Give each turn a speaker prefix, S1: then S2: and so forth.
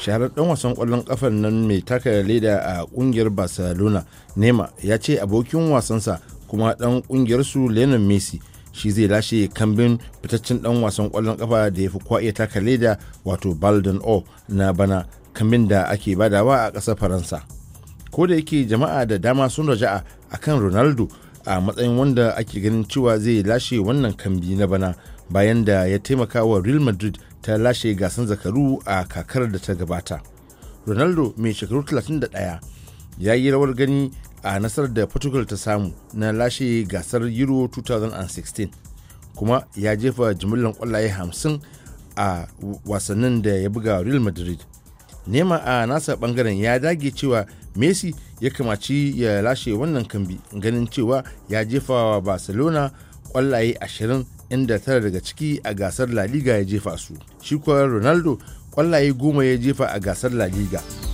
S1: shahararren wasan kwallon kafan nan mai taka leda a kungiyar barcelona nema ya ce abokin wasansa kuma dan kungiyar su lenin messi shi zai lashe kambin fitaccen dan wasan kwallon kafa da ya fi iya taka leda wato baldon o na bana kambin da ake badawa a ƙasar faransa ko da yake jama'a da dama sun raja'a akan ronaldo a matsayin wanda ake ganin cewa zai lashe wannan kambi na bana bayan da ya taimaka wa real madrid ta lashe gasan zakaru a kakar da ta gabata ronaldo mai shekaru 31 ya yi rawar gani a nasarar da portugal ta samu na lashe gasar euro 2016 kuma ya jefa jimillan kwallaye 50 a wasannin da ya buga real madrid nema a nasa bangaren ya dage cewa messi ya kamaci ya lashe wannan kambi ganin cewa ya jefa wa barcelona kwallaye 20 inda tara daga ciki a gasar la liga ya jefa su shi kuwa ronaldo kwallaye goma ya jefa a gasar la liga